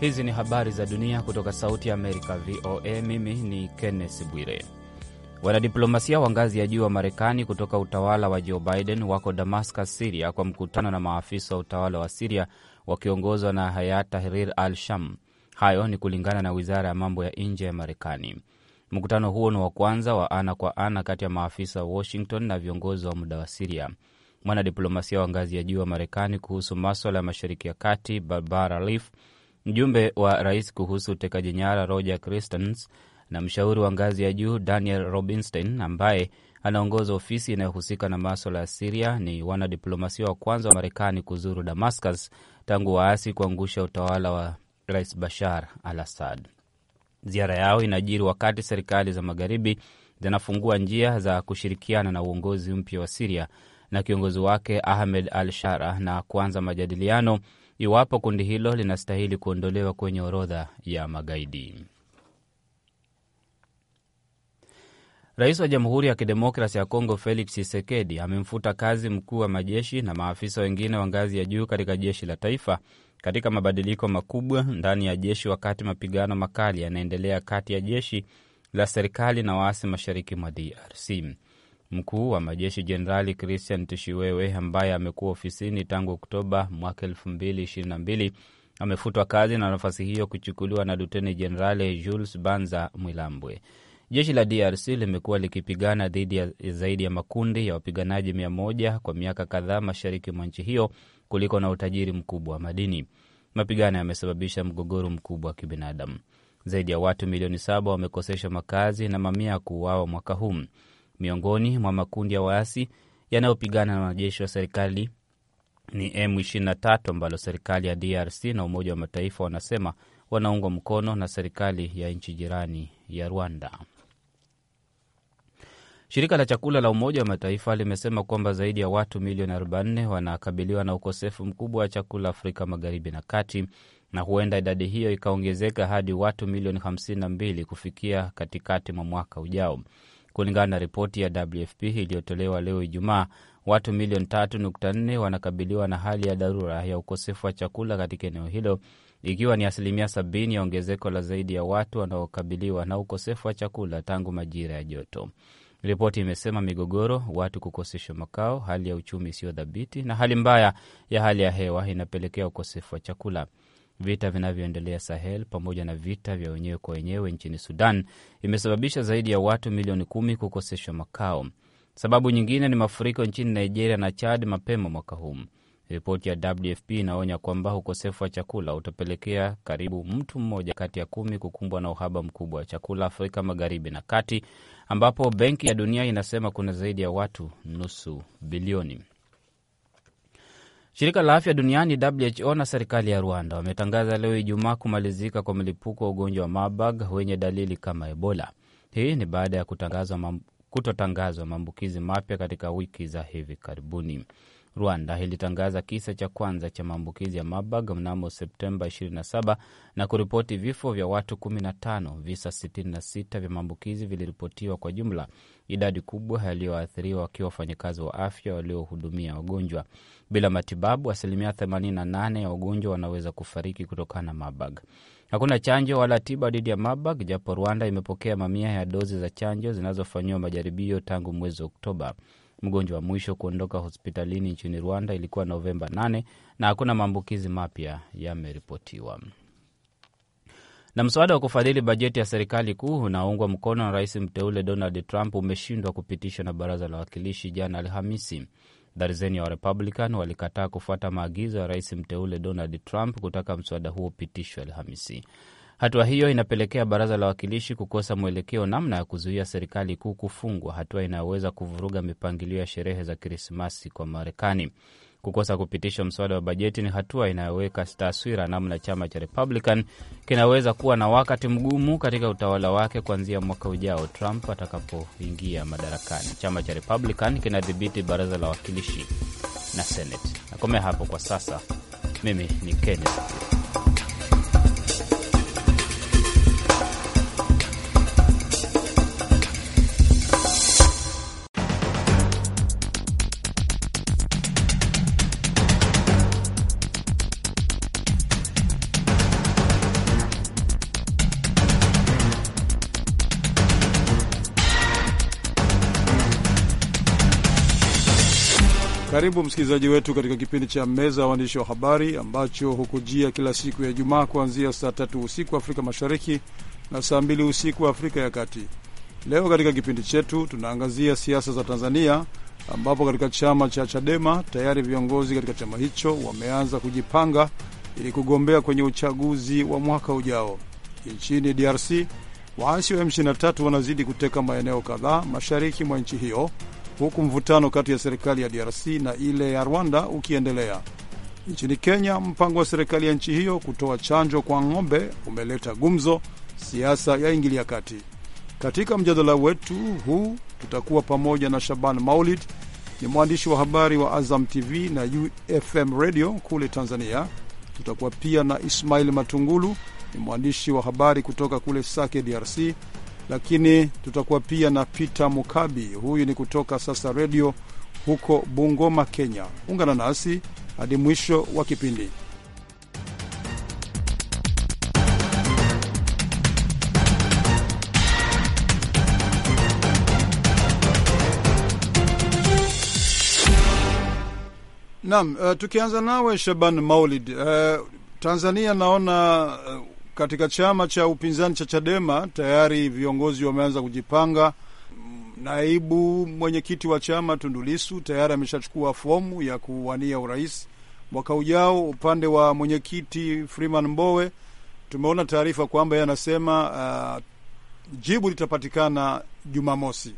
Hizi ni habari za dunia kutoka Sauti ya Amerika, VOA. Mimi ni Kenneth Bwire. Wanadiplomasia wa ngazi ya juu wa Marekani kutoka utawala wa Joe Biden wako Damascus, Siria, kwa mkutano na maafisa wa utawala wa Siria wakiongozwa na Hayat Tahrir al Sham. Hayo ni kulingana na wizara ya mambo ya nje ya Marekani. Mkutano huo ni wa kwanza wa ana kwa ana kati ya maafisa wa Washington na viongozi wa muda wa Siria. Mwanadiplomasia wa ngazi ya juu wa Marekani kuhusu maswala ya Mashariki ya Kati, Barbara Leaf Mjumbe wa rais kuhusu utekaji nyara Roger Christens na mshauri wa ngazi ya juu Daniel Robinstein ambaye anaongoza ofisi inayohusika na maswala ya Siria ni wanadiplomasia wa kwanza wa Marekani kuzuru Damascus tangu waasi kuangusha utawala wa rais Bashar al Assad. Ziara yao inajiri wakati serikali za magharibi zinafungua njia za kushirikiana na uongozi mpya wa Siria na kiongozi wake Ahmed al Shara na kuanza majadiliano iwapo kundi hilo linastahili kuondolewa kwenye orodha ya magaidi. Rais wa Jamhuri ya Kidemokrasi ya Kongo Felix Tshisekedi amemfuta kazi mkuu wa majeshi na maafisa wengine wa ngazi ya juu katika jeshi la taifa katika mabadiliko makubwa ndani ya jeshi, wakati mapigano makali yanaendelea kati ya jeshi la serikali na waasi mashariki mwa DRC. Mkuu wa majeshi Jenerali Christian Tshiwewe, ambaye amekuwa ofisini tangu Oktoba mwaka mbili, amefutwa kazi na nafasi hiyo kuchukuliwa na Luteni Jenerali Jules Banza Mwilambwe. Jeshi la DRC limekuwa likipigana dhidi ya zaidi ya makundi ya wapiganaji mia moja kwa miaka kadhaa mashariki mwa nchi hiyo kuliko na utajiri mkubwa wa madini. Mapigano yamesababisha mgogoro mkubwa wa kibinadamu. Zaidi ya watu milioni saba wamekosesha makazi na mamia ya kuuawa mwaka huu. Miongoni mwa makundi ya waasi yanayopigana na wanajeshi wa serikali ni M23 ambalo serikali ya DRC na Umoja wa Mataifa wanasema wanaungwa mkono na serikali ya nchi jirani ya Rwanda. Shirika la chakula la Umoja wa Mataifa limesema kwamba zaidi ya watu milioni 44 wanakabiliwa na ukosefu mkubwa wa chakula Afrika Magharibi na Kati, na huenda idadi hiyo ikaongezeka hadi watu milioni 52 kufikia katikati mwa mwaka ujao. Kulingana na ripoti ya WFP iliyotolewa leo Ijumaa, watu milioni 3.4 wanakabiliwa na hali ya dharura ya ukosefu wa chakula katika eneo hilo, ikiwa ni asilimia 70 ya ongezeko la zaidi ya watu wanaokabiliwa na ukosefu wa chakula tangu majira ya joto. Ripoti imesema migogoro, watu kukoseshwa makao, hali ya uchumi isiyo thabiti na hali mbaya ya hali ya hewa inapelekea ukosefu wa chakula. Vita vinavyoendelea Sahel pamoja na vita vya wenyewe kwa wenyewe nchini Sudan vimesababisha zaidi ya watu milioni kumi kukoseshwa makao. Sababu nyingine ni mafuriko nchini Nigeria na Chad mapema mwaka huu. Ripoti ya WFP inaonya kwamba ukosefu wa chakula utapelekea karibu mtu mmoja kati ya kumi kukumbwa na uhaba mkubwa wa chakula Afrika Magharibi na Kati, ambapo Benki ya Dunia inasema kuna zaidi ya watu nusu bilioni. Shirika la afya duniani WHO na serikali ya Rwanda wametangaza leo Ijumaa kumalizika kwa mlipuko wa ugonjwa wa Marburg wenye dalili kama Ebola. Hii ni baada ya kutotangazwa maambukizi mapya katika wiki za hivi karibuni. Rwanda ilitangaza kisa cha kwanza cha maambukizi ya Marburg mnamo Septemba 27 na kuripoti vifo vya watu 15. Visa 66 vya maambukizi viliripotiwa kwa jumla idadi kubwa yaliyoathiriwa wakiwa wafanyakazi wa afya waliohudumia wagonjwa. Bila matibabu, asilimia 88 ya wagonjwa wanaweza kufariki kutokana na mabag. Hakuna chanjo wala tiba dhidi ya mabag, japo Rwanda imepokea mamia ya dozi za chanjo zinazofanyiwa majaribio tangu mwezi Oktoba. Mgonjwa wa mwisho kuondoka hospitalini nchini Rwanda ilikuwa Novemba 8 na hakuna maambukizi mapya yameripotiwa. Na mswada wa kufadhili bajeti ya serikali kuu unaoungwa mkono na rais mteule Donald Trump umeshindwa kupitishwa na baraza la wawakilishi jana Alhamisi. Darzeni ya Warepublican walikataa kufuata maagizo ya rais mteule Donald Trump kutaka mswada huo upitishwe Alhamisi. Hatua hiyo inapelekea baraza la wawakilishi kukosa mwelekeo namna ya kuzuia serikali kuu kufungwa, hatua inayoweza kuvuruga mipangilio ya sherehe za Krismasi kwa Marekani. Kukosa kupitisha mswada wa bajeti ni hatua inayoweka taswira namna chama cha Republican kinaweza kuwa na wakati mgumu katika utawala wake kuanzia mwaka ujao, Trump atakapoingia madarakani. Chama cha Republican kinadhibiti baraza la wakilishi na Senate. Nakomea hapo kwa sasa. Mimi ni Kenneth. Karibu msikilizaji wetu katika kipindi cha meza ya waandishi wa habari ambacho hukujia kila siku ya Ijumaa kuanzia saa tatu usiku Afrika Mashariki na saa mbili usiku Afrika ya Kati. Leo katika kipindi chetu tunaangazia siasa za Tanzania ambapo katika chama cha Chadema tayari viongozi katika chama hicho wameanza kujipanga ili kugombea kwenye uchaguzi wa mwaka ujao. Nchini DRC waasi wa M23 wanazidi kuteka maeneo kadhaa mashariki mwa nchi hiyo huku mvutano kati ya serikali ya DRC na ile ya Rwanda ukiendelea. Nchini Kenya, mpango wa serikali ya nchi hiyo kutoa chanjo kwa ng'ombe umeleta gumzo, siasa yaingilia kati. Katika mjadala wetu huu tutakuwa pamoja na Shaban Maulid, ni mwandishi wa habari wa Azam TV na UFM Radio kule Tanzania. Tutakuwa pia na Ismail Matungulu, ni mwandishi wa habari kutoka kule Sake, DRC lakini tutakuwa pia na Peter Mukabi, huyu ni kutoka sasa redio huko Bungoma, Kenya. Ungana nasi hadi mwisho wa kipindi. Naam, uh, tukianza nawe Shaban Maulid, uh, Tanzania naona eh, katika chama cha upinzani cha Chadema tayari viongozi wameanza kujipanga. Naibu mwenyekiti wa chama Tundulisu tayari ameshachukua fomu ya kuwania urais mwaka ujao. Upande wa mwenyekiti Freeman Mbowe tumeona taarifa kwamba yeye anasema uh, jibu litapatikana Jumamosi.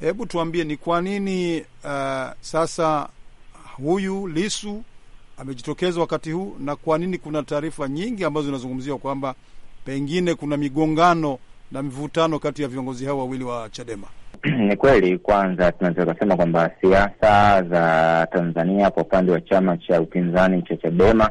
Hebu tuambie ni kwa nini uh, sasa huyu Lisu amejitokeza wakati huu, na kwa nini kuna taarifa nyingi ambazo zinazungumziwa kwamba pengine kuna migongano na mivutano kati ya viongozi hao wawili wa Chadema? Ni kweli. Kwanza tunaweza kusema kwamba siasa za Tanzania kwa upande wa chama cha upinzani cha Chadema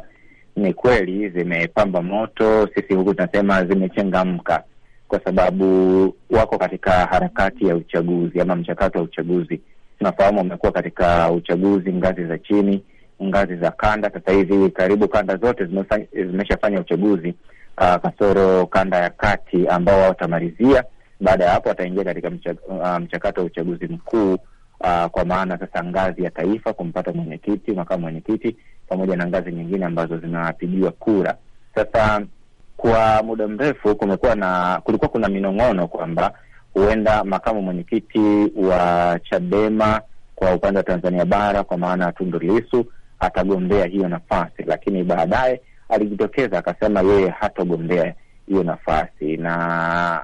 ni kweli zimepamba moto, sisi huku tunasema zimechangamka, kwa sababu wako katika harakati ya uchaguzi ama mchakato wa uchaguzi. Tunafahamu wamekuwa katika uchaguzi ngazi za chini ngazi za kanda. Sasa hivi karibu kanda zote zimeshafanya uchaguzi uh, kasoro kanda ya kati ambao watamalizia. Baada ya hapo wataingia katika uh, mchakato wa uchaguzi mkuu uh, kwa maana sasa ngazi ya taifa kumpata mwenyekiti, makamu mwenyekiti pamoja na ngazi nyingine ambazo zinapigiwa kura. Sasa kwa muda mrefu kumekuwa na kulikuwa kuna minong'ono kwamba huenda makamu mwenyekiti wa Chadema kwa upande wa Tanzania bara kwa maana ya Tundu Lissu atagombea hiyo nafasi, lakini baadaye alijitokeza akasema yeye hatogombea hiyo nafasi, na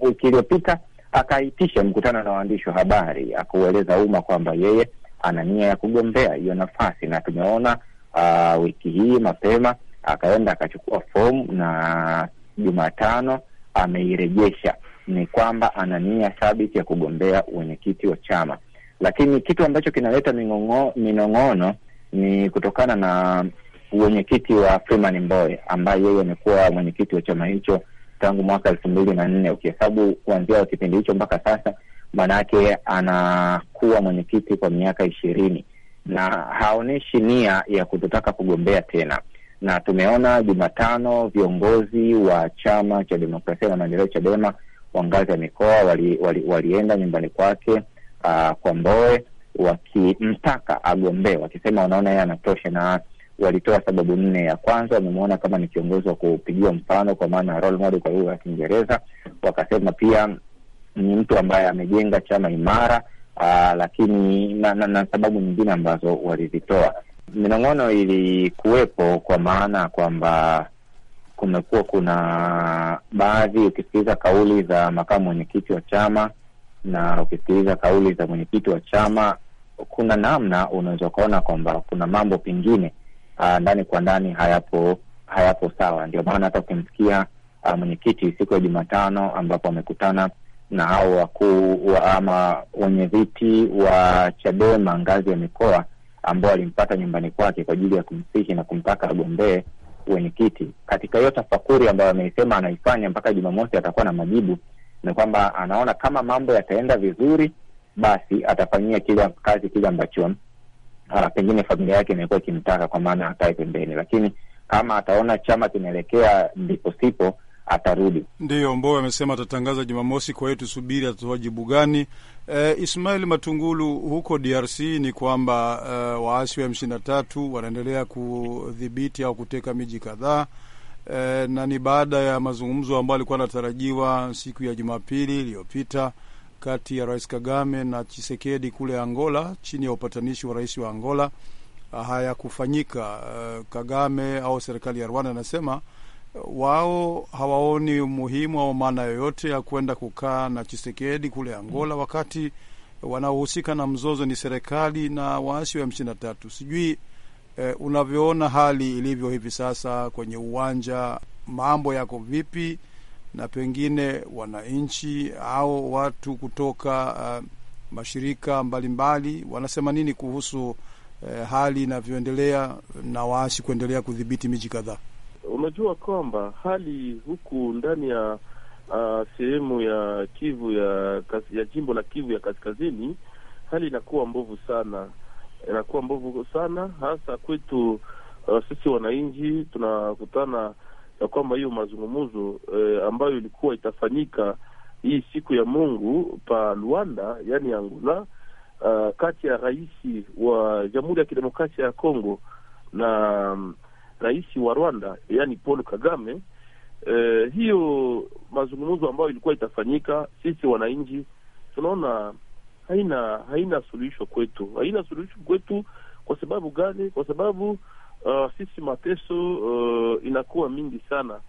wiki iliyopita akaitisha mkutano na waandishi wa habari akaueleza umma kwamba yeye ana nia ya kugombea hiyo nafasi, na tumeona uh, wiki hii mapema akaenda akachukua fomu na Jumatano ameirejesha. Ni kwamba ana nia thabiti ya kugombea wenyekiti wa chama, lakini kitu ambacho kinaleta minong'ono ni kutokana na uwenyekiti wa Freeman Mbowe ambaye yeye amekuwa mwenyekiti wa chama hicho tangu mwaka elfu mbili na nne ukihesabu kuanzia kipindi hicho mpaka sasa, maanake anakuwa mwenyekiti kwa miaka ishirini na haonyeshi nia ya kutotaka kugombea tena. Na tumeona Jumatano viongozi wa chama cha demokrasia na maendeleo CHADEMA wa ngazi ya mikoa wali, wali, walienda nyumbani kwake ah, kwa Mbowe wakimtaka agombee, wakisema wanaona yeye anatosha, na walitoa sababu nne. Ya kwanza wamemwona kama ni kiongozi wa kupigiwa mfano, kwa maana role model kwa lugha ya Kiingereza. Wakasema pia ni mtu ambaye amejenga chama imara aa, ah, lakini na, na, na sababu nyingine ambazo walizitoa. Minong'ono ilikuwepo kwa maana kwamba kumekuwa kuna baadhi, ukisikiliza kauli za makamu mwenyekiti wa chama na ukisikiliza kauli za mwenyekiti wa chama, kuna namna unaweza ukaona kwamba kuna mambo pengine uh, ndani kwa ndani hayapo hayapo sawa. Ndio maana hata ukimsikia uh, mwenyekiti siku ya Jumatano ambapo amekutana na hao wakuu wa ama wenye viti wa Chadema ngazi ya mikoa ambao alimpata nyumbani kwake kwa ajili ya kumsihi na kumtaka agombee wenyekiti. Katika hiyo tafakuri ambayo ameisema anaifanya mpaka Jumamosi, atakuwa na majibu ni kwamba anaona kama mambo yataenda vizuri, basi atafanyia kile kazi kile ambacho uh, pengine familia yake imekuwa ikimtaka, kwa maana hatae pembeni, lakini kama ataona chama kinaelekea ndipo sipo atarudi. Ndiyo, Mbowe amesema atatangaza Jumamosi. Kwa hiyo tusubiri atatoa jibu gani. E, Ismail Matungulu, huko DRC ni kwamba e, waasi wa M na tatu wanaendelea kudhibiti au kuteka miji kadhaa e, na ni baada ya mazungumzo ambayo alikuwa anatarajiwa siku ya Jumapili iliyopita kati ya Rais Kagame na Chisekedi kule Angola chini ya upatanishi wa rais wa Angola hayakufanyika. E, Kagame au serikali ya Rwanda anasema wao hawaoni umuhimu au maana yoyote ya kwenda kukaa na Chisekedi kule Angola, wakati wanaohusika na mzozo ni serikali na waasi wa M na tatu. Sijui eh, unavyoona hali ilivyo hivi sasa kwenye uwanja, mambo yako vipi? Na pengine wananchi au watu kutoka uh, mashirika mbalimbali mbali, wanasema nini kuhusu eh, hali inavyoendelea na waasi kuendelea kudhibiti miji kadhaa? Unajua kwamba hali huku ndani ya uh, sehemu ya Kivu ya, ya jimbo la Kivu ya kaskazini hali inakuwa mbovu sana inakuwa mbovu sana, hasa kwetu uh, sisi wananchi tunakutana ya kwamba hiyo mazungumuzo eh, uh, ambayo ilikuwa itafanyika hii siku ya Mungu pa Luanda, yani Angola, uh, kati ya rais wa Jamhuri ya Kidemokrasia ya Kongo na um, rais wa Rwanda, yaani Paul Kagame. Eh, hiyo mazungumzo ambayo ilikuwa itafanyika, sisi wananchi tunaona haina haina suluhisho kwetu, haina suluhisho kwetu. Kwa sababu gani? Kwa sababu uh, sisi mateso uh, inakuwa mingi sana.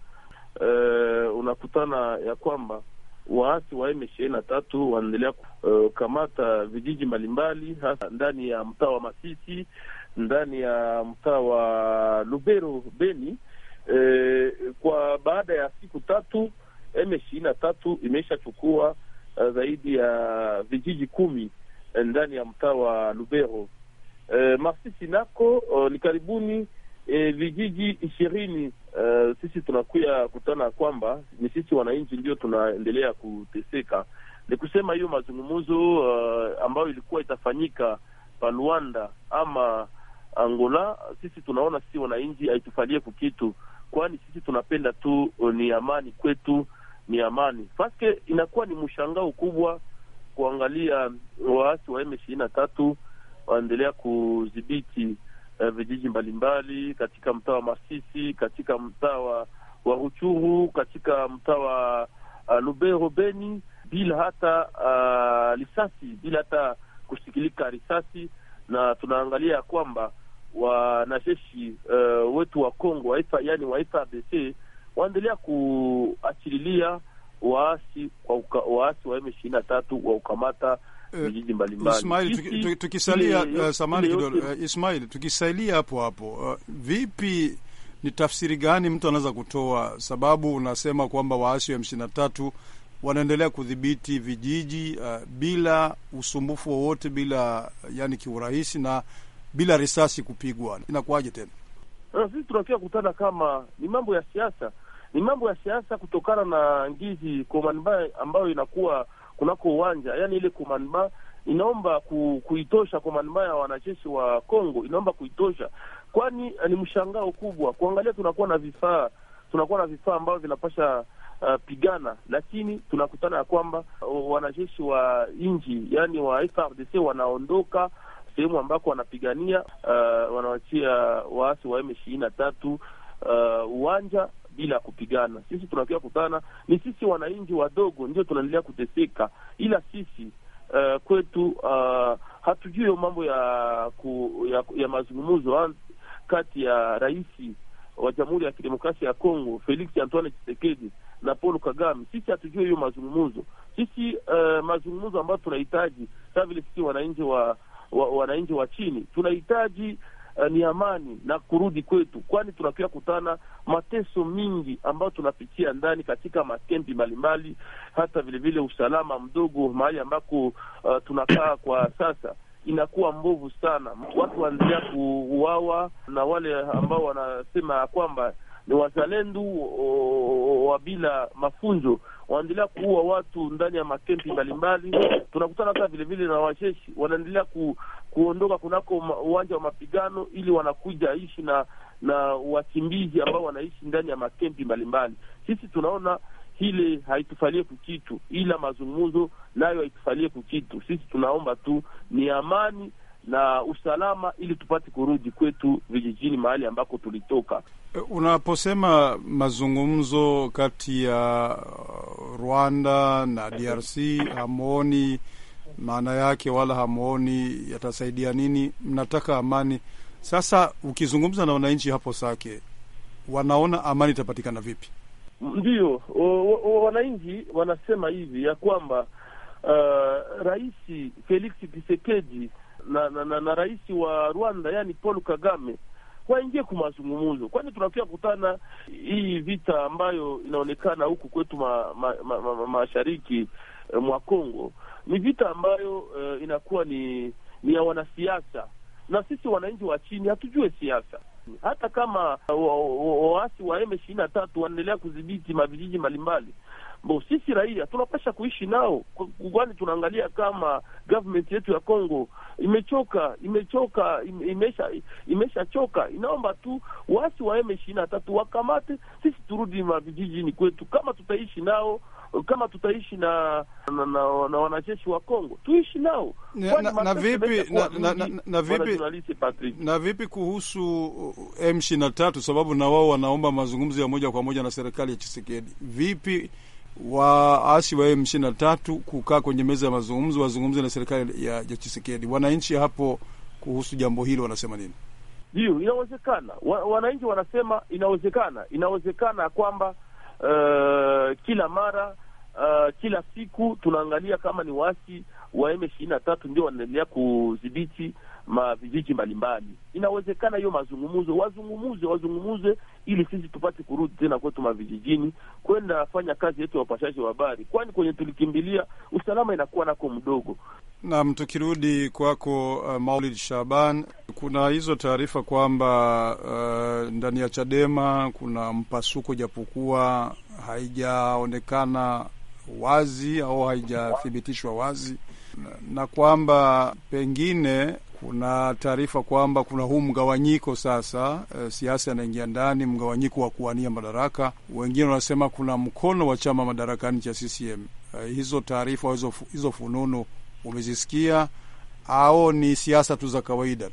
Uh, unakutana ya kwamba waasi wa m tatu wanaendelea kukamata uh, vijiji mbalimbali hasa ndani ya mtaa wa Masisi, ndani ya mtaa wa Lubero, Beni. Uh, kwa baada ya siku tatu m tatu imeshachukua uh, zaidi ya vijiji kumi eh, ndani ya mtaa wa Lubero. Uh, Masisi nako uh, ni karibuni E, vijiji ishirini. Uh, sisi tunakuya kutana kwamba ni sisi wananchi ndio tunaendelea kuteseka. Ni kusema hiyo mazungumzo uh, ambayo ilikuwa itafanyika pa Luanda ama Angola, sisi tunaona sisi wananchi haitufalie kukitu, kwani sisi tunapenda tu ni amani kwetu ni amani. Paske inakuwa ni mshangao kubwa kuangalia waasi wa M ishirini na tatu waendelea kudhibiti eh, vijiji mbalimbali katika mtaa wa Masisi, katika mtaa wa Ruchuru, katika mtaa wa uh, Lubero, Beni, bila hata uh, risasi, bila hata kushikilika risasi, na tunaangalia ya kwamba wanajeshi uh, wetu wa Kongo, yani wa FARDC waendelea kuachililia waasi waasi wa M ishirini na tatu wa ukamata eh, vijiji mbalimbali. tukisalia eh, samani kidogo, eh, Ismail, tukisalia hapo hapo, uh, vipi, ni tafsiri gani mtu anaweza kutoa? Sababu unasema kwamba waasi wa M na tatu wanaendelea kudhibiti vijiji uh, bila usumbufu wowote, bila yani kiurahisi na bila risasi kupigwa, inakuwaje tena? Sisi tunakia kutana kama ni mambo ya siasa ni mambo ya siasa kutokana na ngizi komanba ambayo inakuwa kunako uwanja, yaani ile komanba inaomba ku, kuitosha komanba ya wanajeshi wa Kongo inaomba kuitosha, kwani eh, ni mshangao kubwa kuangalia tunakuwa na vifaa tunakuwa na vifaa ambavyo vinapasha uh, pigana, lakini tunakutana ya kwamba uh, wanajeshi wa nji yani wa FARDC wanaondoka sehemu ambako wanapigania uh, wanawachia waasi wa M ishirini na tatu uwanja bila kupigana. Sisi tunakia kutana, ni sisi wananchi wadogo ndio tunaendelea kuteseka, ila sisi uh, kwetu uh, hatujui mambo ya, ku, ya ya mazungumzo kati ya rais wa Jamhuri ya Kidemokrasia ya Kongo Felix Antoine Tshisekedi na Paul Kagame. Sisi hatujui hiyo mazungumzo. Sisi uh, mazungumzo ambayo tunahitaji sasa vile sisi wananchi wa wananchi wa chini tunahitaji Eh, ni amani na kurudi kwetu, kwani tunakia kutana mateso mingi ambayo tunapitia ndani katika makempi mbalimbali, hata vilevile usalama mdogo mahali ambako uh, tunakaa kwa sasa inakuwa mbovu sana, watu waendelea kuuawa na wale ambao wanasema ya kwamba ni wazalendo wa bila mafunzo wanaendelea kuua watu ndani ya makempi mbalimbali. Tunakutana hata vilevile na wajeshi wanaendelea ku, kuondoka kunako uwanja wa mapigano ili wanakuja ishi na na wakimbizi ambao wanaishi ndani ya makempi mbalimbali. Sisi tunaona hile haitufalie kukitu, ila mazungumzo nayo haitufalie kukitu. Sisi tunaomba tu ni amani na usalama ili tupate kurudi kwetu vijijini mahali ambako tulitoka. Unaposema mazungumzo kati ya uh, Rwanda na DRC hamwoni maana yake, wala hamwoni yatasaidia nini? Mnataka amani. Sasa ukizungumza na wananchi hapo Sake, wanaona amani itapatikana vipi? ndio wananchi wanasema hivi ya kwamba uh, Rais Felix Tshisekedi na, na, na, na rais wa Rwanda yani Paul Kagame waingie mazungumzo, kwani tunakia kutana hii vita ambayo inaonekana huku kwetu mashariki ma, ma, ma, ma, eh, mwa Kongo ni vita ambayo uh, inakuwa ni ni ya wanasiasa na sisi wananchi wa chini hatujue siasa. Hata kama uh, waasi wa M ishirini na tatu wanaendelea kudhibiti mavijiji mbalimbali, sisi raia tunapasha kuishi nao, kwani tunaangalia kama government yetu ya Kongo imechoka, imechoka, imesha choka Inaomba tu waasi wa M ishirini na tatu wakamate, sisi turudi mavijijini kwetu. Kama tutaishi nao kama tutaishi na na, na, na wanajeshi wa Kongo tuishi nao na, na, na vipi na, na, na, na, vipi, na vipi kuhusu uh, M23 sababu na wao wanaomba mazungumzo ya moja kwa moja na serikali ya chisekedi Vipi waasi wa M23 kukaa kwenye meza ya mazungumzo wazungumze na serikali ya, ya Wananchi hapo kuhusu jambo hilo wanasema nini? hiyo inawezekana wananchi wanasema inawezekana, inawezekana kwamba uh, kila mara uh, kila siku tunaangalia kama ni waasi wa M ishirini na tatu ndio wanaendelea kudhibiti mavijiji mbalimbali. Inawezekana hiyo mazungumzo wazungumuze, wazungumuze ili sisi tupate kurudi tena kwetu mavijijini, kwenda fanya kazi yetu ya upashaji wa habari, kwani kwenye tulikimbilia usalama inakuwa nako mdogo. Naam, tukirudi kwako uh, Maulid Shaban, kuna hizo taarifa kwamba uh, ndani ya Chadema kuna mpasuko, japokuwa haijaonekana wazi au haijathibitishwa wazi, na kwamba pengine kuna taarifa kwamba kuna huu mgawanyiko sasa. E, siasa yanaingia ndani, mgawanyiko wa kuwania madaraka. Wengine wanasema kuna mkono wa chama madarakani cha CCM. E, eh, hizo taarifa hizo, hizo fununu umezisikia au ni siasa tu za kawaida?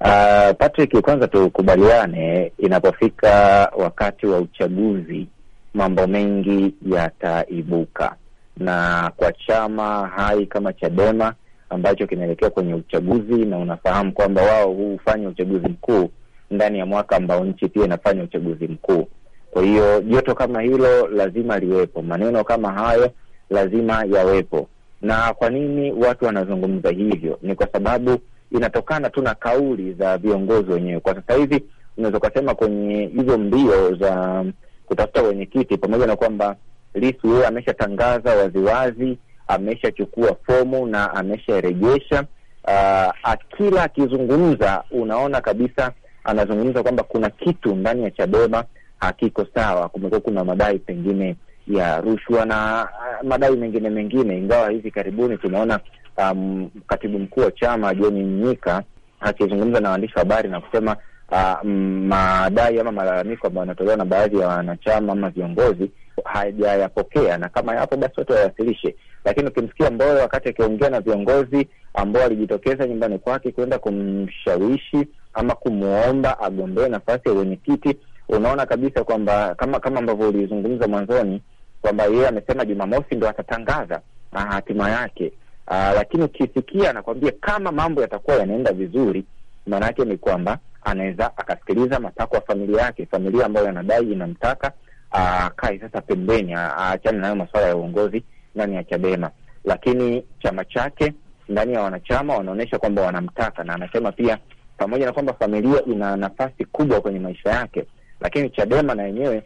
Uh, Patrick, kwanza tukubaliane, inapofika wakati wa uchaguzi mambo mengi yataibuka, na kwa chama hai kama Chadema ambacho kinaelekea kwenye uchaguzi, na unafahamu kwamba wao hufanya uchaguzi mkuu ndani ya mwaka ambao nchi pia inafanya uchaguzi mkuu. Kwa hiyo joto kama hilo lazima liwepo, maneno kama hayo lazima yawepo. Na kwa nini watu wanazungumza hivyo? Ni kwa sababu inatokana tu na kauli za viongozi wenyewe. Kwa sasa hivi unaweza ukasema kwenye hizo mbio za kutafuta wenyekiti, pamoja na kwamba Lissu huyo ameshatangaza waziwazi, ameshachukua fomu na amesharejesha. Uh, ah, akila akizungumza unaona kabisa anazungumza kwamba kuna kitu ndani ya Chadema hakiko sawa. Kumekuwa kuna madai pengine ya rushwa na ah, madai mengine mengine, ingawa hivi karibuni tumeona um, katibu mkuu wa chama John Mnyika akizungumza na waandishi wa habari na kusema uh, madai ama malalamiko ambayo yanatolewa na baadhi ya wanachama ama viongozi hajayapokea, na kama yapo basi watu wayawasilishe. Lakini ukimsikia Mbowe wakati akiongea na viongozi ambao walijitokeza nyumbani kwake kwenda kumshawishi ama kumwomba agombee nafasi ya wenyekiti, unaona kabisa kwamba kama kama ambavyo ulizungumza mwanzoni kwamba yeye amesema Jumamosi ndo atatangaza ah, hatima yake. Aa, ah, lakini ukisikia anakwambia kama mambo yatakuwa yanaenda vizuri, maana yake ni kwamba anaweza akasikiliza matakwa ya familia yake, familia ambayo anadai inamtaka ah, akae sasa pembeni, ah, aachane nayo masuala ya uongozi ndani ya Chadema, lakini chama chake ndani ya wanachama wanaonyesha kwamba wanamtaka, na anasema pia pamoja na kwamba familia ina nafasi kubwa kwenye maisha yake, lakini Chadema na yenyewe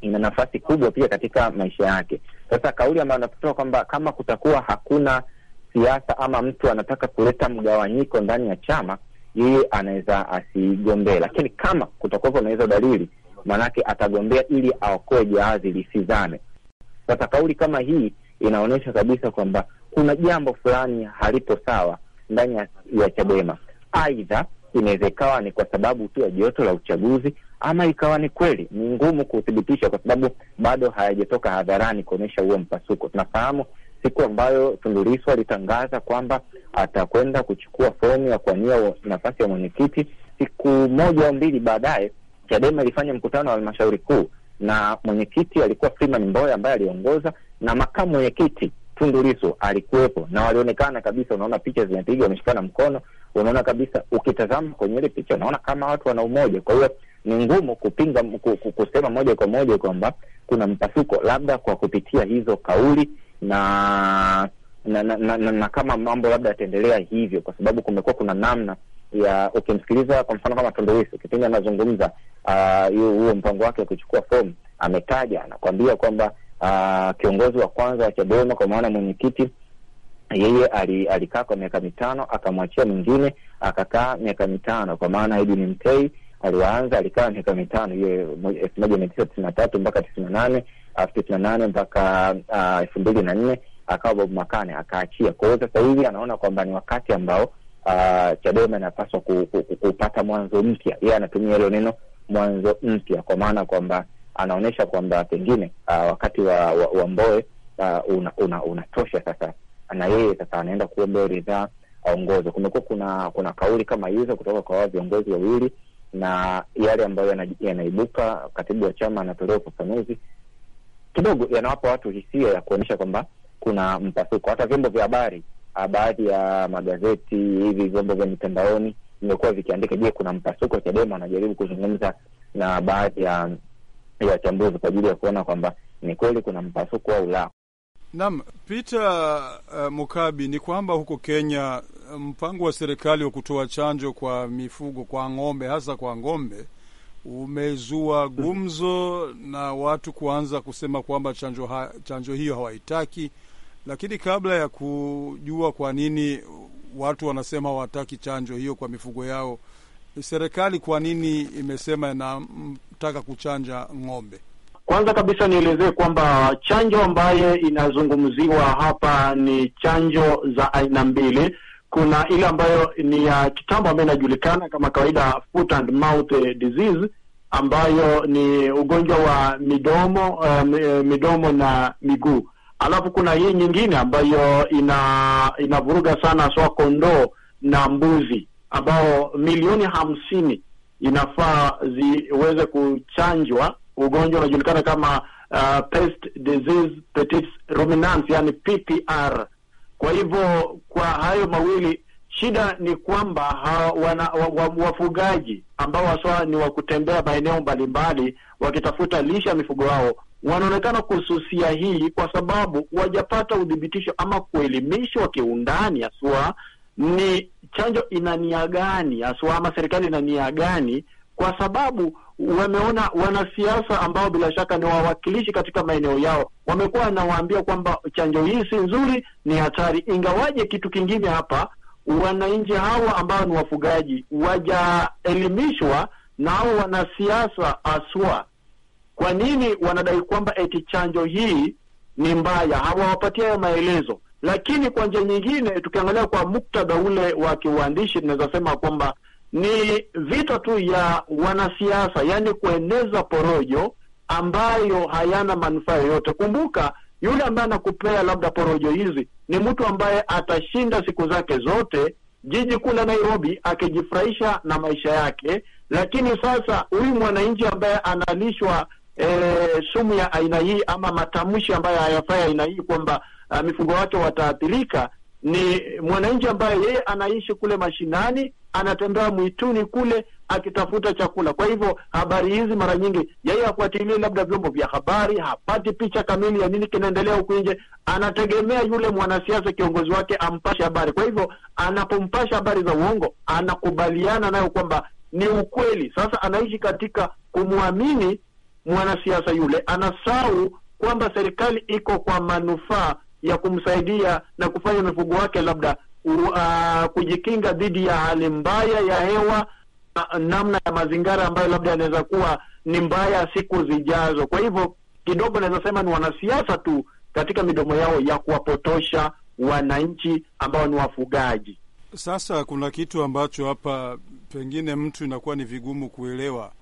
ina nafasi kubwa pia katika maisha yake. Sasa kauli ambayo anatoa kwamba kama kutakuwa hakuna siasa ama mtu anataka kuleta mgawanyiko ndani ya chama yeye anaweza asigombee, lakini kama kutakuwepo na hizo dalili, maanake atagombea ili aokoe jahazi lisizame. Sasa kauli kama hii inaonyesha kabisa kwamba kuna jambo fulani halipo sawa ndani ya Chadema. Aidha, inaweza ikawa ni kwa sababu tu ya joto la uchaguzi, ama ikawa ni kweli. Ni ngumu kuthibitisha, kwa sababu bado hayajatoka hadharani kuonyesha huo mpasuko. Tunafahamu siku ambayo Tundu Lissu alitangaza kwamba atakwenda kuchukua fomu ya kuania nafasi ya mwenyekiti. Siku moja au mbili baadaye, Chadema ilifanya mkutano wa halmashauri kuu na mwenyekiti alikuwa Freeman Mbowe ambaye aliongoza na makamu mwenyekiti Tundu Lissu alikuwepo na walionekana kabisa. Unaona picha zinapigwa, wameshikana mkono, unaona kabisa. Ukitazama kwenye ile picha, unaona kama watu wana umoja. Kwa hiyo ni ngumu kupinga, kusema moja kwa moja kwamba kuna mpasuko, labda kwa kupitia hizo kauli na na, na, na, na, na kama mambo labda yataendelea hivyo, kwa sababu kumekuwa kuna namna ya ukimsikiliza kwa mfano kama Tundu Lissu kipindi anazungumza ah, huo uh, mpango wake wa kuchukua fomu ametaja, anakuambia kwamba uh, kiongozi wa kwanza wa Chadema kwa maana mwenyekiti yeye alikaa kwa miaka mitano akamwachia mwingine akakaa miaka mitano, kwa maana Edwin Mtei aliwaanza alikaa miaka mitano hiyo elfu moja mia tisa tisini na tatu mpaka tisini na nane elfu na nane mpaka ah, elfu mbili na nne akawa Bob Makane akaachia. Kwa hiyo sasa hivi anaona kwamba ni wakati ambao Uh, Chadema inapaswa kupata mwanzo mpya. Yeye anatumia hilo neno mwanzo mpya, kwa maana kwamba anaonyesha kwamba pengine uh, wakati wa, wa, wa Mboe uh, una, una, unatosha sasa, na yeye sasa anaenda kuomba ridhaa aongoze. Kumekuwa kuna kuna kauli kama hizo kutoka kwa wao viongozi wawili, na yale ambayo yanaibuka, katibu wa chama anatolewa ufafanuzi kidogo yanawapa watu hisia ya kuonyesha kwamba kuna mpasuko. Hata vyombo vya habari, ah, baadhi ya magazeti, hivi vyombo vya mitandaoni vimekuwa vikiandika, je, kuna mpasuko? Chadema anajaribu kuzungumza na baadhi ya wachambuzi kwa ajili ya kuona kwamba ni kweli kuna mpasuko au la. Naam, Peter uh, Mukabi, ni kwamba huko Kenya eh, mpango wa serikali wa kutoa chanjo kwa mifugo, kwa ng'ombe, hasa kwa ng'ombe umezua gumzo na watu kuanza kusema kwamba chanjo, ha, chanjo hiyo hawaitaki. Lakini kabla ya kujua kwa nini watu wanasema hawataki chanjo hiyo kwa mifugo yao, serikali kwa nini imesema inataka kuchanja ng'ombe? Kwanza kabisa nielezee kwamba chanjo ambayo inazungumziwa hapa ni chanjo za aina mbili. Kuna ile ambayo ni ya kitambo ambayo inajulikana kama kawaida foot and mouth disease, ambayo ni ugonjwa wa midomo uh, midomo na miguu. Alafu kuna hii nyingine ambayo ina inavuruga sana swa kondoo na mbuzi ambao milioni hamsini inafaa ziweze kuchanjwa. Ugonjwa unajulikana kama uh, pest disease yani PPR. Kwa hivyo kwa hayo mawili Shida ni kwamba ha, wana, wa, wa, wafugaji ambao haswa ni wa kutembea maeneo mbalimbali wakitafuta lisha ya mifugo wao wanaonekana kususia hii kwa sababu wajapata udhibitisho ama kuelimishwa kiundani haswa ni chanjo ina nia gani haswa ama serikali ina nia gani, kwa sababu wameona wanasiasa ambao bila shaka ni wawakilishi katika maeneo yao wamekuwa wanawaambia kwamba chanjo hii si nzuri, ni hatari, ingawaje kitu kingine hapa wananchi hawa ambao ni wafugaji wajaelimishwa na nao wanasiasa aswa. Kwa nini wanadai kwamba eti chanjo hii ni mbaya? Hawawapatia hayo maelezo. Lakini kwa njia nyingine, tukiangalia kwa muktadha ule wa kiuandishi, tunaweza kwamba ni vita tu ya wanasiasa, yaani kueneza porojo ambayo hayana manufaa yoyote. Kumbuka yule ambaye anakupea labda porojo hizi ni mtu ambaye atashinda siku zake zote jiji kule Nairobi akijifurahisha na maisha yake, lakini sasa huyu mwananchi ambaye analishwa e, sumu ya aina hii ama matamshi ambayo hayafai aina hii kwamba ah, mifugo wake wataathirika, ni mwananchi ambaye yeye anaishi kule mashinani, anatembea mwituni kule akitafuta chakula. Kwa hivyo habari hizi mara nyingi yeye hafuatilii labda vyombo vya habari, hapati picha kamili ya nini kinaendelea huku nje, anategemea yule mwanasiasa kiongozi wake ampashe habari. Kwa hivyo anapompasha habari za uongo, anakubaliana nayo kwamba ni ukweli. Sasa anaishi katika kumwamini mwanasiasa yule, anasahau kwamba serikali iko kwa manufaa ya kumsaidia na kufanya mifugo wake labda uh, kujikinga dhidi ya hali mbaya ya hewa na, namna ya mazingara ambayo labda yanaweza kuwa ni mbaya siku zijazo. Kwa hivyo kidogo naweza sema ni wanasiasa tu katika midomo yao ya kuwapotosha wananchi ambao ni wafugaji. Sasa kuna kitu ambacho hapa pengine mtu inakuwa ni vigumu kuelewa.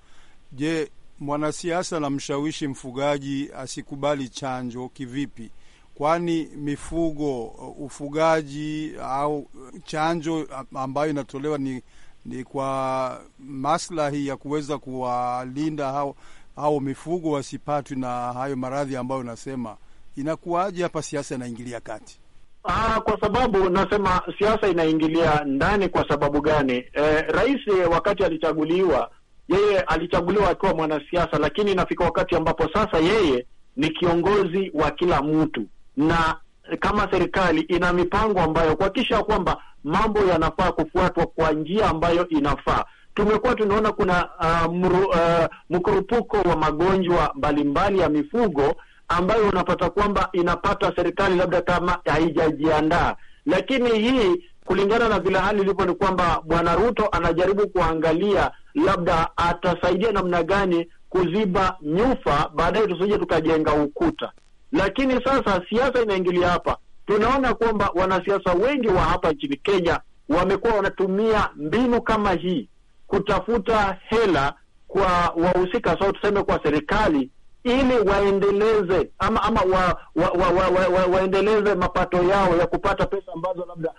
Je, mwanasiasa anamshawishi mfugaji asikubali chanjo kivipi? Kwani mifugo ufugaji au chanjo ambayo inatolewa ni ni kwa maslahi ya kuweza kuwalinda hao, hao mifugo wasipatwi na hayo maradhi ambayo unasema. Inakuwaje hapa siasa inaingilia kati? Aa, ah, kwa sababu nasema siasa inaingilia ndani. Kwa sababu gani? E, rais eh, wakati alichaguliwa, yeye alichaguliwa akiwa mwanasiasa, lakini inafika wakati ambapo sasa yeye ni kiongozi wa kila mtu, na kama serikali ina mipango ambayo kuhakikisha kwamba mambo yanafaa kufuatwa kwa njia ambayo inafaa. Tumekuwa tunaona kuna uh, uh mkurupuko uh, wa magonjwa mbalimbali ya mifugo ambayo unapata kwamba inapata serikali labda kama haijajiandaa, lakini hii kulingana na vile hali ilivyo ni kwamba Bwana Ruto anajaribu kuangalia labda atasaidia namna gani kuziba nyufa, baadaye tusije tukajenga ukuta. Lakini sasa siasa inaingilia hapa tunaona kwamba wanasiasa wengi wa hapa nchini Kenya wamekuwa wanatumia mbinu kama hii kutafuta hela kwa wahusika, so tuseme kwa serikali, ili waendeleze ama ama wa, wa, wa, wa, wa, wa, waendeleze mapato yao ya kupata pesa ambazo labda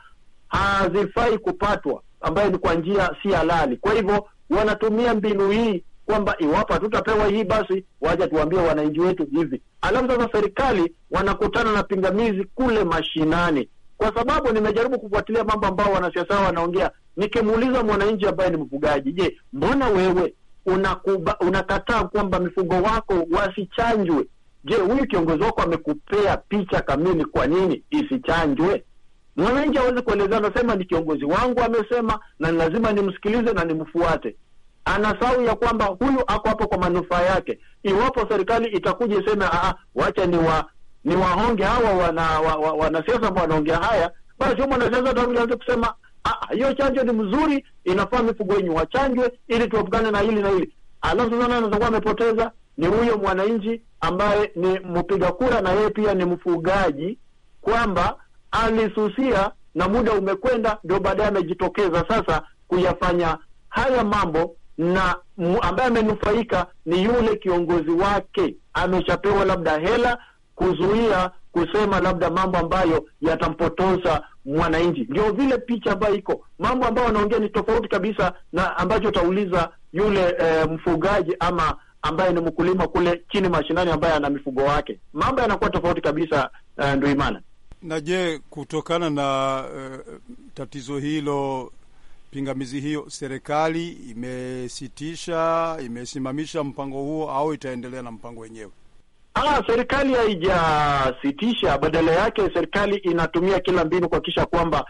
hazifai kupatwa, ambayo ni kwa njia si halali. Kwa hivyo wanatumia mbinu hii kwamba iwapo hatutapewa hii basi waja tuambie wananchi wetu hivi. Alafu sasa serikali wanakutana na pingamizi kule mashinani, kwa sababu nimejaribu kufuatilia mambo ambao wanasiasa hao wanaongea, nikimuuliza mwananchi ambaye ni mfugaji, je, mbona wewe unakuba, unakataa kwamba mifugo wako wasichanjwe? Je, huyu kiongozi wako amekupea picha kamili, kwa nini isichanjwe? Mwananchi hawezi kuelezea, anasema ni kiongozi wangu amesema, na ni lazima nimsikilize na nimfuate anasahau ya kwamba huyu ako hapo kwa manufaa yake. Iwapo serikali itakuja iseme ah, ah wacha ni wa ni waonge hawa wana wanasiasa ambao wanaongea haya, basi huyu mwanasiasa ataanza kusema ah, ah, hiyo chanjo ni mzuri, inafaa mifugo yenyu wachanjwe ili tuepukane na hili na hili. Alafu sasa nani amepoteza? Ni huyo mwananchi ambaye ni mpiga kura na yeye pia ni mfugaji, kwamba alisusia na muda umekwenda, ndio baadaye amejitokeza sasa kuyafanya haya mambo na ambaye amenufaika ni yule kiongozi wake, ameshapewa labda hela kuzuia kusema labda mambo ambayo yatampotoza mwananchi. Ndio vile picha ambayo iko, mambo ambayo wanaongea ni tofauti kabisa na ambacho utauliza yule e, mfugaji ama ambaye ni mkulima kule chini mashinani, ambaye ana mifugo wake, mambo yanakuwa tofauti kabisa. e, eh, ndio imana na je, kutokana na e, tatizo hilo pingamizi hiyo, serikali imesitisha, imesimamisha mpango huo au itaendelea na mpango wenyewe? Ah, serikali haijasitisha, badala yake serikali inatumia kila mbinu kuhakikisha kwamba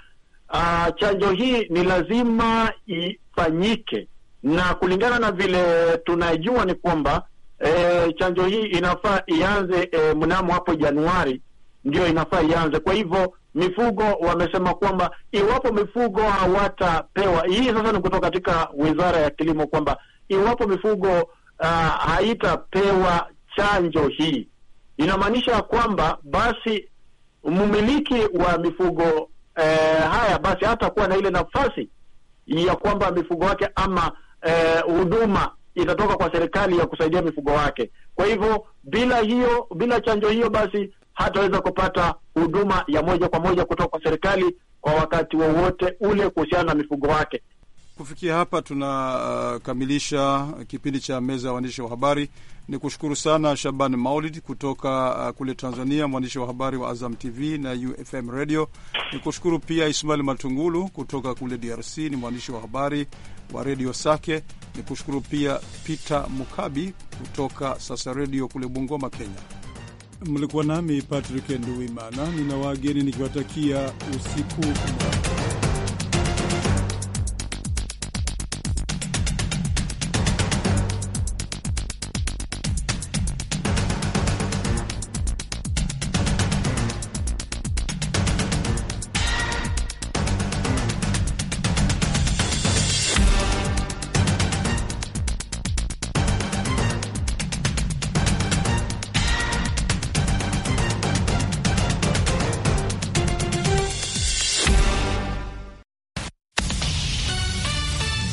ah, chanjo hii ni lazima ifanyike, na kulingana na vile tunajua ni kwamba eh, chanjo hii inafaa ianze eh, mnamo hapo Januari ndio inafaa ianze. Kwa hivyo mifugo wamesema kwamba iwapo mifugo hawatapewa hii, sasa ni kutoka katika wizara ya kilimo, kwamba iwapo mifugo uh, haitapewa chanjo hii, inamaanisha kwamba basi mmiliki wa mifugo eh, haya basi hatakuwa na ile nafasi ya kwamba mifugo wake ama eh, huduma eh, itatoka kwa serikali ya kusaidia mifugo wake. Kwa hivyo bila hiyo, bila chanjo hiyo, basi hataweza kupata huduma ya moja kwa moja kutoka kwa serikali kwa wakati wowote ule kuhusiana na mifugo wake. Kufikia hapa tunakamilisha uh, kipindi cha meza ya waandishi wa habari. Ni kushukuru sana Shaban Maulid kutoka uh, kule Tanzania, mwandishi wa habari wa Azam TV na UFM Radio. Ni kushukuru pia Ismail Matungulu kutoka kule DRC, ni mwandishi wa habari wa redio Sake. Ni kushukuru pia Peter Mukabi kutoka sasa redio kule Bungoma, Kenya. Mlikuwa nami Patrick Nduwimana, nina wageni nikiwatakia usiku mwema.